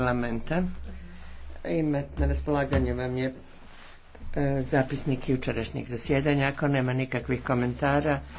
parlamenta. Imat na raspolaganju vam je e, zapisnik jučerašnjeg zasjedanja. Ako nema nikakvih komentara,